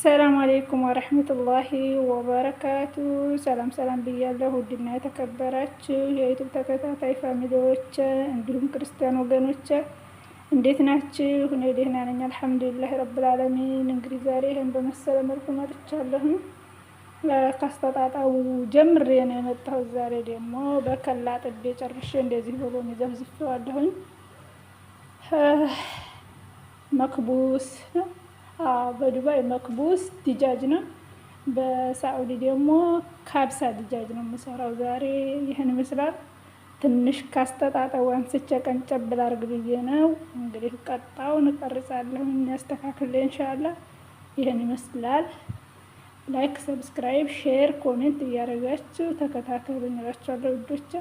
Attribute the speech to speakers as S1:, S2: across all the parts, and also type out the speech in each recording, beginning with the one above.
S1: ሰላም አሌይኩም ወረህመቱላሂ ወበረካቱ። ሰላም ሰላም ብያለሁ። ውድና የተከበራችሁ የዩቱብ ተከታታይ ፋሚሊዎች እንዲሁም ክርስቲያን ወገኖች እንዴት ናችሁ? እኔ ደህና ነኝ አልሐምዱሊላህ ረብል ዓለሚን። እንግዲህ ዛሬ ይህን በመሰለ መልኩ መጥቻለሁኝ። ካስተጣጣው ጀምሬ ነው የመጣሁት። ዛሬ ደግሞ በከላ ጥቤ ጨርሼ እንደዚህ ብሎን ዘፍዝፌዋለሁኝ መክቡስ ነው በዱባይ መክቡስ ዲጃጅ ነው። በሳዑዲ ደግሞ ካብሳ ዲጃጅ ነው የምሰራው። ዛሬ ይህን ይመስላል። ትንሽ ካስተጣጠው አንስቼ ቀንጨብ ላድርግ ብዬ ነው። እንግዲህ ቀጣውን እቀርጻለሁ ያስተካክል እንሻላ። ይህን ይመስላል። ላይክ፣ ሰብስክራይብ፣ ሼር፣ ኮሜንት እያደረጋችሁ ተከታተሉ እንላችኋለሁ ውዶቼ።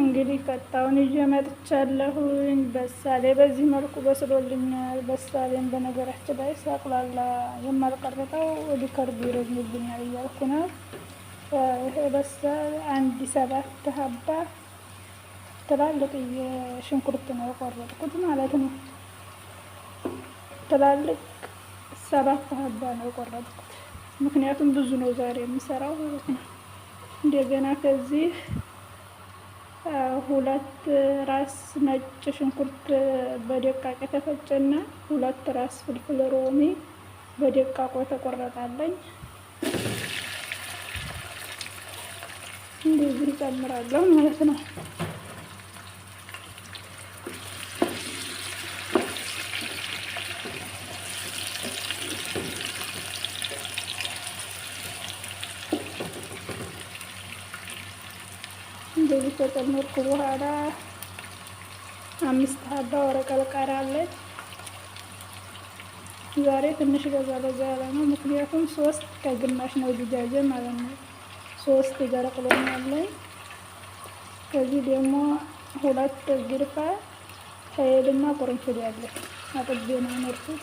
S1: እንግዲህ ቀጣውን ይዤ መጥቻለሁኝ። በሳሌ በዚህ መልኩ በስሎልኛል። በሳሌን በነገራችን ላይ ሳቅላላ የማልቀረጠው ሊከርቡ ይረዝምብኛል እያልኩ ነው። ይሄ በሳል አንድ ሰባት ሀባ ትላልቅ ሽንኩርት ነው የቆረጥኩት ማለት ነው። ትላልቅ ሰባት ሀባ ነው የቆረጥኩት፣ ምክንያቱም ብዙ ነው ዛሬ የምሰራው ማለት ነው። እንደገና ከዚህ ሁለት ራስ ነጭ ሽንኩርት በደቃቅ የተፈጨና ሁለት ራስ ፍልፍል ሮሜ በደቃቁ ተቆረጣለኝ እንደዚህ እጨምራለሁ ማለት ነው። ከጨመርኩ በኋላ አምስት ሀባ ወረቀት ቀራለች። ዛሬ ትንሽ ገዛ በዛ ያለ ነው፣ ምክንያቱም ሶስት ከግማሽ ነው ዱጃጀ ማለት ነው። ሶስት ገረቅሎኝ ከዚህ ደግሞ ሁለት ግርፋ ከየድማ ቁርንችል ያለች አጥቤ ነው የኖርኩት።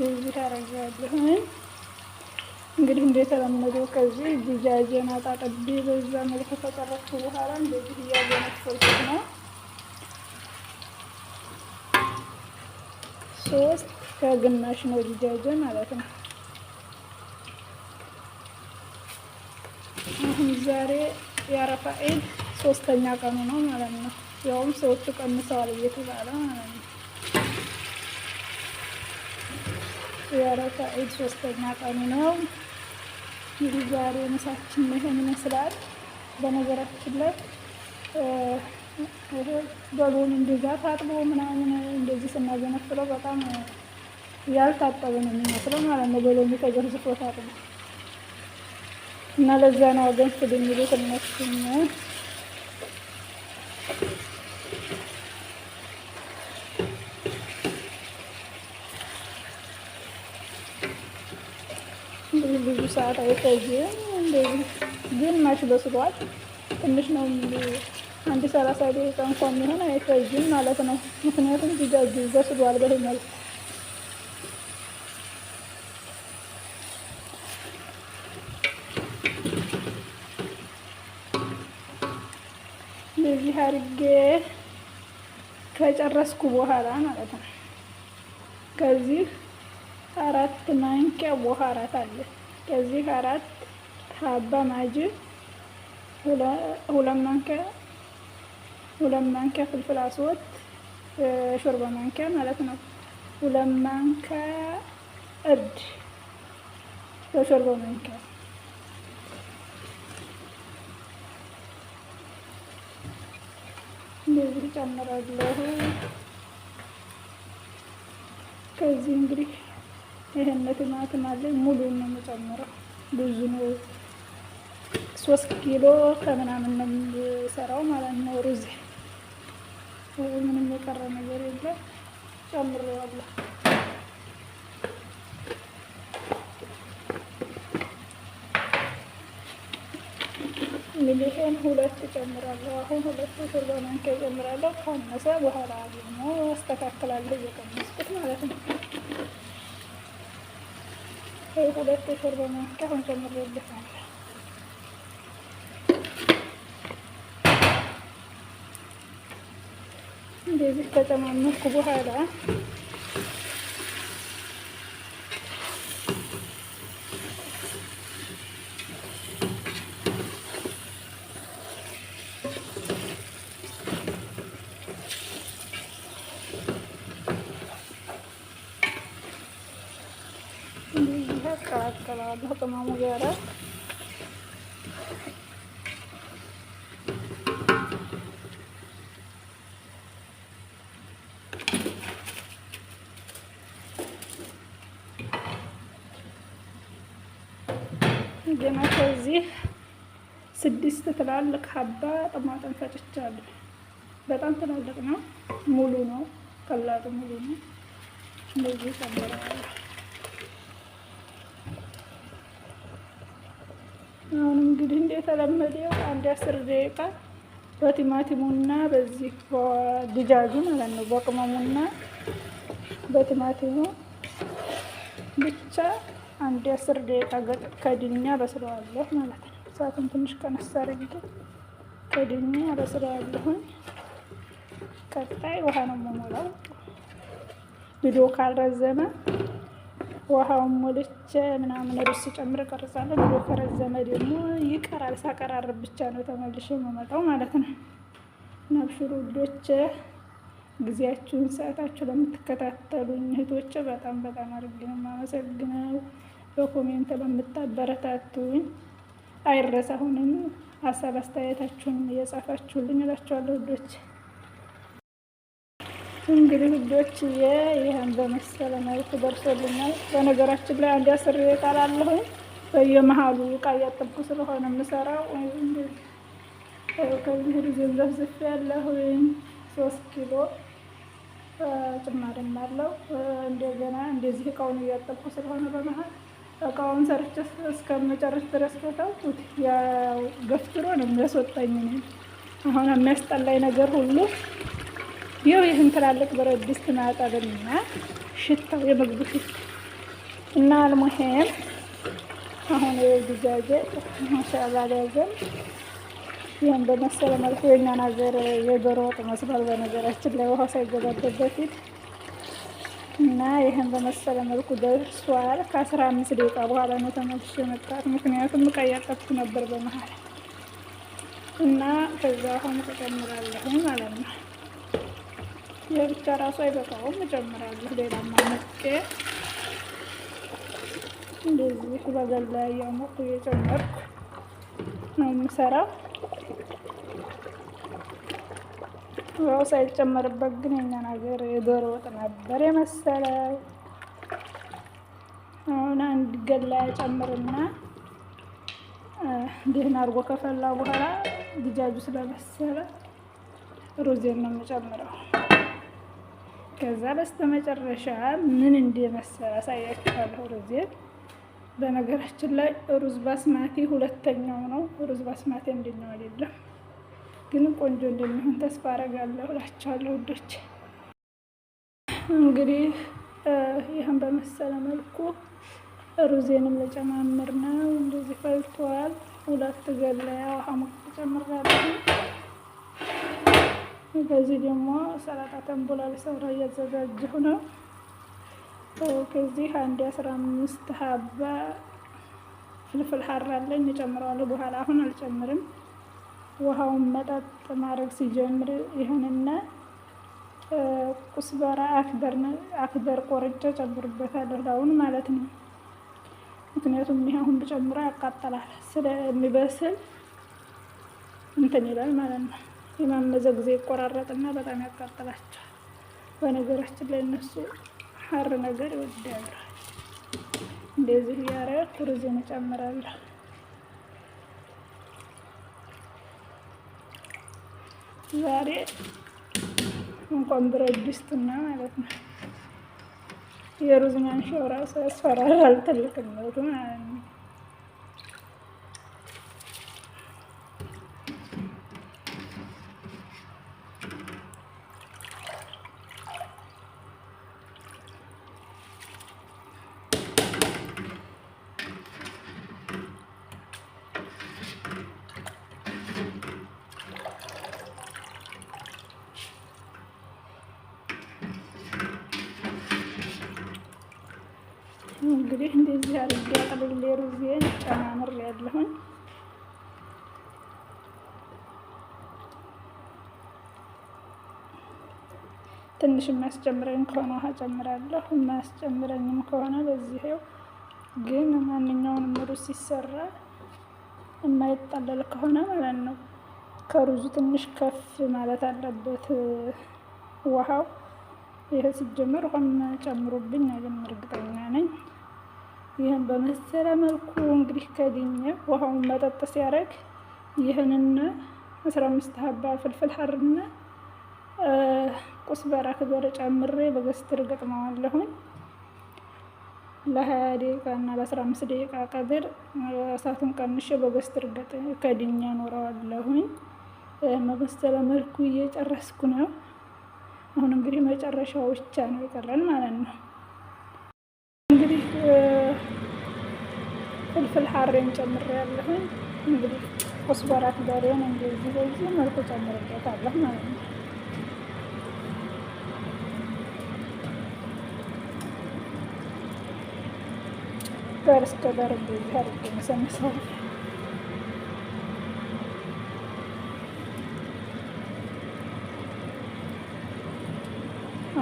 S1: እንደዚህ ታረጊዋለሁን። እንግዲህ እንደተለመደው ከዚህ ጅጃጀን አጣጥቤ በዛ መልክ ከጠረኩ በኋላ እንደዚህ እያዘነፈርኩት ነው። ሶስት ከግማሽ ነው ዲጃጀ ማለት ነው። አሁን ዛሬ የአረፋ ዒድ ሶስተኛ ቀኑ ነው ማለት ነው። ያውም ሰዎቹ ቀንሰዋል እየተባለ ማለት ነው። የአረፋ ዒድ ሶስተኛ ቀኑ ነው። እንግዲህ ዛሬ ምሳችን ይሄን ይመስላል። በነገራችን ላይ በሎን እንደዛ ታጥቦ ምናምን እንደዚህ ስናዘነፍለው በጣም ያልታጠበ ነው የሚመስለው ማለት ነው። በሎሚ ተገርዝፎ ታጥቦ እና ለዛ ነው ወገን ስል የሚሉት እነሱም ሰዓት አይቆይም። እንደዚህ ግን ማሽ በስሏል። ትንሽ ነው አንድ ሰላሳ ደቂቃ እንኳን የሚሆን አይቆይም ማለት ነው። ምክንያቱም በስሏል። መልኩ እንደዚህ አድርጌ ከጨረስኩ በኋላ ማለት ነው ከዚህ አራት ማንኪያ ውሃ አራት አለ ከዚህ አራት ሀባ ማጅ ሁለት ማንኪያ ሁለት ማንኪያ ፍልፍል አስወት ሾርባ ማንኪያ ማለት ነው። ሁለት ማንኪያ እርድ በሾርባ ማንኪያ እንደዚህ ጨምራለሁ። ከዚህ እንግዲህ ይህን ቲማቲም አለኝ ሙሉን ነው የምጨምረው። ብዙ ነው፣ ሶስት ኪሎ ከምናምን ነው የምሰራው ማለት ነው። ሩዝ ምንም የቀረ ነገር የለ ጨምሬዋለሁ። ሚሊሄን ሁለት እጨምራለሁ። አሁን ሁለት ሾርባ ማንኪያ ካነሰ በኋላ ደግሞ አስተካክላለሁ እየቀነስኩት ማለት ነው። এরকম একটু সরবে মাছটা কাঁচা মরিচ দেখা বেবি কাঁচা মাছ খুব হয় ገና ከዚህ ስድስት ትላልቅ ሀባ ጥማጥን ፈጭቻለሁ። በጣም ትላልቅ ነው፣ ሙሉ ነው፣ ቀላሉ ሙሉ ነው። እንደዚህ ጨምረዋለሁ። አሁን እንግዲህ እንደተለመደው አንድ አስር ደቂቃ በቲማቲሙና በዚህ ድጃጁ ማለት ነው በቅመሙና በቲማቲሙ ብቻ አንድ አስር ደቂቃ ከድኛ በስለዋለሁ ማለት ነው። ሰዓቱን ትንሽ ቀነስ አድርጌ ከድኛ በስለዋለሁኝ። ቀጣይ ውሃ ነው የምሞላው። ቪዲዮ ካልረዘመ ውሃውን ሞልቼ ምናምን ርስ ጨምር ቀርጻለሁ። ቪዲዮ ከረዘመ ደግሞ ይቀራል። ሳቀራርብ ብቻ ነው ተመልሼ የምመጣው ማለት ነው። ናብሽሩ ውዶቼ ጊዜያችሁን ሰዓታችሁ ለምትከታተሉኝ እህቶቼ በጣም በጣም አድርጌ ነው የማመሰግነው። በኮሜንት በምታበረታቱኝ አይረሳ ሁንም ሀሳብ አስተያየታችሁን እየጻፋችሁልኝ እላችኋለሁ ውዶች። እንግዲህ ውዶች ይህን በመሰለ መልኩ ደርሶልኛል። በነገራችን ላይ አንድ አስር ቃላለሁኝ በየመሀሉ እቃ እያጠብኩ ስለሆነ የምሰራው ከዚህ ሪዝን ዘፍዝፍ ያለሁኝ ሶስት ኪሎ ጭማሪም አለው እንደገና እንደዚህ እቃውን እያጠብኩ ስለሆነ በመሀል እቃውን ሰርቼ እስከመጨረስ ድረስ ከተውኩት ያው ገፍትሮ ነው የሚያስወጣኝ። አሁን የሚያስጠላኝ ነገር ሁሉ ይኸው ይህን ትላልቅ ብረት ድስት ማጠብና ሽታው የምግቡ ሽታ እና አልሙሄም አሁን የግዛዜ ማሻላ ሊያዘን ይህን በመሰለ መልኩ የእኛን ሀገር የዶሮ ወጥ መስሏል። በነገራችን ላይ ውሃ ሳይገባበት በፊት እና ይህን በመሰለ መልኩ ደርሷል። ከአስራ አምስት ደቂቃ በኋላ ነው ተመልሼ መጣት። ምክንያቱም እቃ እያጠብኩ ነበር በመሀል እና ከዛ አሁን ተጨምራለሁ ማለት ነው። ይህ ብቻ ራሱ አይበቃውም፣ እጨምራለሁ ሌላማ መጥቄ እንደዚህ በገላ እያሞቁ እየጨመርኩ ነው የምሰራው። ያው ሳይጨመርበት ግን የኛን ሀገር የዶሮ ወጥ ነበር የመሰለው። አሁን አንድ ገላ ጨምርና እንዲህን አድርጎ ከፈላ በኋላ ግጃጁ ስለመሰለ ሩዝን ነው የምጨምረው። ከዛ በስተመጨረሻ ምን እንደመሰለ አሳያችኋለሁ ሩዝን። በነገራችን ላይ ሩዝ ባስማቴ ሁለተኛው ነው። ሩዝ ባስማቴ ምንድነው አይደለም ግን ቆንጆ እንደሚሆን ተስፋ አረጋለሁ እላቸዋለሁ ውዶች። እንግዲህ ይህን በመሰለ መልኩ ሩዜንም ለጨማምር ነው። እንደዚህ ፈልተዋል። ሁለት ገለያ ውሃ ሞቅ ተጨምራለሁ። ከዚህ ደግሞ ሰላጣ ተንቦላ ለሰራ እያዘጋጀሁ ነው። ከዚህ አንድ አስራ አምስት ሀባ ፍልፍል ሀር አለኝ እጨምረዋለሁ። በኋላ አሁን አልጨምርም። ውሃውን መጠጥ ማድረግ ሲጀምር ይህንና ቁስበራ አክበር ቆርጬ ጨምርበታለሁ ላውን ማለት ነው። ምክንያቱም ይህ አሁን ብጨምሮ ያቃጠላል ስለሚበስል እንትን ይላል ማለት ነው። የማመዘ ጊዜ ይቆራረጥና በጣም ያቃጥላቸዋል። በነገራችን ላይ እነሱ ሀር ነገር ይወዳሉ። እንደዚህ ያረ ቱሪዝም እጨምራለሁ ዛሬ እንኳን ብረት ድስትና ማለት ነው የሩዝ ማንሻው ራሱ ያስፈራራል ትልቅነቱ ማለት ነው። እንግዲህ እንደዚህ አድርጌ አቅልሌ ሩዝዬን ጨማምር ያለሁኝ ትንሽ የሚያስጨምረኝ ከሆነ ውሃ ጨምራለሁ። የማያስጨምረኝም ከሆነ በዚህው። ግን ማንኛውንም ሩዝ ሲሰራ የማይጣለል ከሆነ ማለት ነው ከሩዙ ትንሽ ከፍ ማለት አለበት ውሃው። ይህ ሲጀምር ውሃም ጨምሮብኝ አይደለም እርግጠኛ ነኝ። ይህን በመሰለ መልኩ እንግዲህ ከድኜ ውሃውን መጠጥ ሲያደርግ ይህንና አስራ አምስት ሀባ ፍልፍል ሀርና ቁስበራ ክበረ ጨምሬ በገስትር ገጥመዋለሁኝ ለሀያ ደቂቃ እና ለአስራ አምስት ደቂቃ ቀድር እሳቱን ቀንሼ በገስትር ከድኛ ኖረዋለሁኝ። በመሰለ መልኩ እየጨረስኩ ነው። አሁን እንግዲህ መጨረሻው ብቻ ነው የቀረን ማለት ነው እንግዲህ ፍልፍል ሀሬን ጨምሬ ያለሁኝ እንግዲህ ኮስበራት ጋሬን እንደዚህ በዚህ መልኩ ጨምርበታለሁ ማለት ነው። ዳር እስከ ዳር እንደዚህ አድርጌ መሰመሰው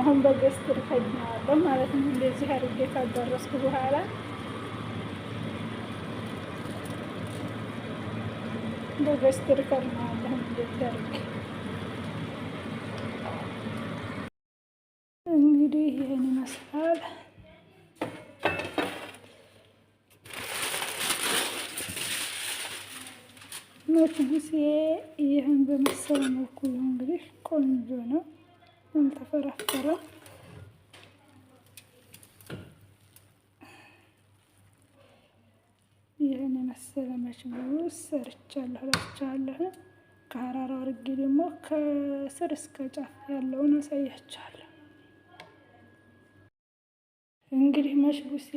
S1: አሁን በገስትር ከድነዋለሁ ማለት ነው። እንደዚህ አድርጌ ካደረስኩ በኋላ በበስትር ፈርማለሁ ደርግ እንግዲህ ይህን ይመስላል። ሞችንስ ይህን በመሰለ መልኩ እንግዲህ ቆንጆ ነው። ተፈራፈረ ስለመችም ደግሞ ሰርቻለሁ ላችኋለሁ። ከሀራራ አድርጌ ደግሞ ከስር እስከ ጫፍ ያለውን አሳያችኋለሁ። እንግዲህ መሽቡሴ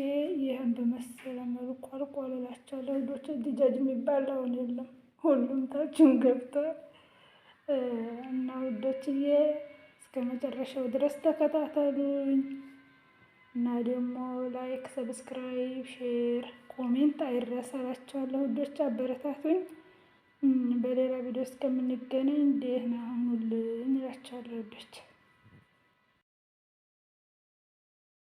S1: ይህን በመሰለ መልኩ አልቋል እላችኋለሁ። ዶች ድጃጅ የሚባል አሁን የለም፣ ሁሉም ታችን ገብተ እና ውዶችዬ እስከ መጨረሻው ድረስ ተከታተሉኝ እና ደግሞ ላይክ፣ ሰብስክራይብ፣ ሼር ኮሜንት አይረሳ እላችኋለሁ። ውዶች አበረታቱኝ። በሌላ ቪዲዮ እስከምንገናኝ ደህና ሁኑልኝ እላችኋለሁ ውዶች።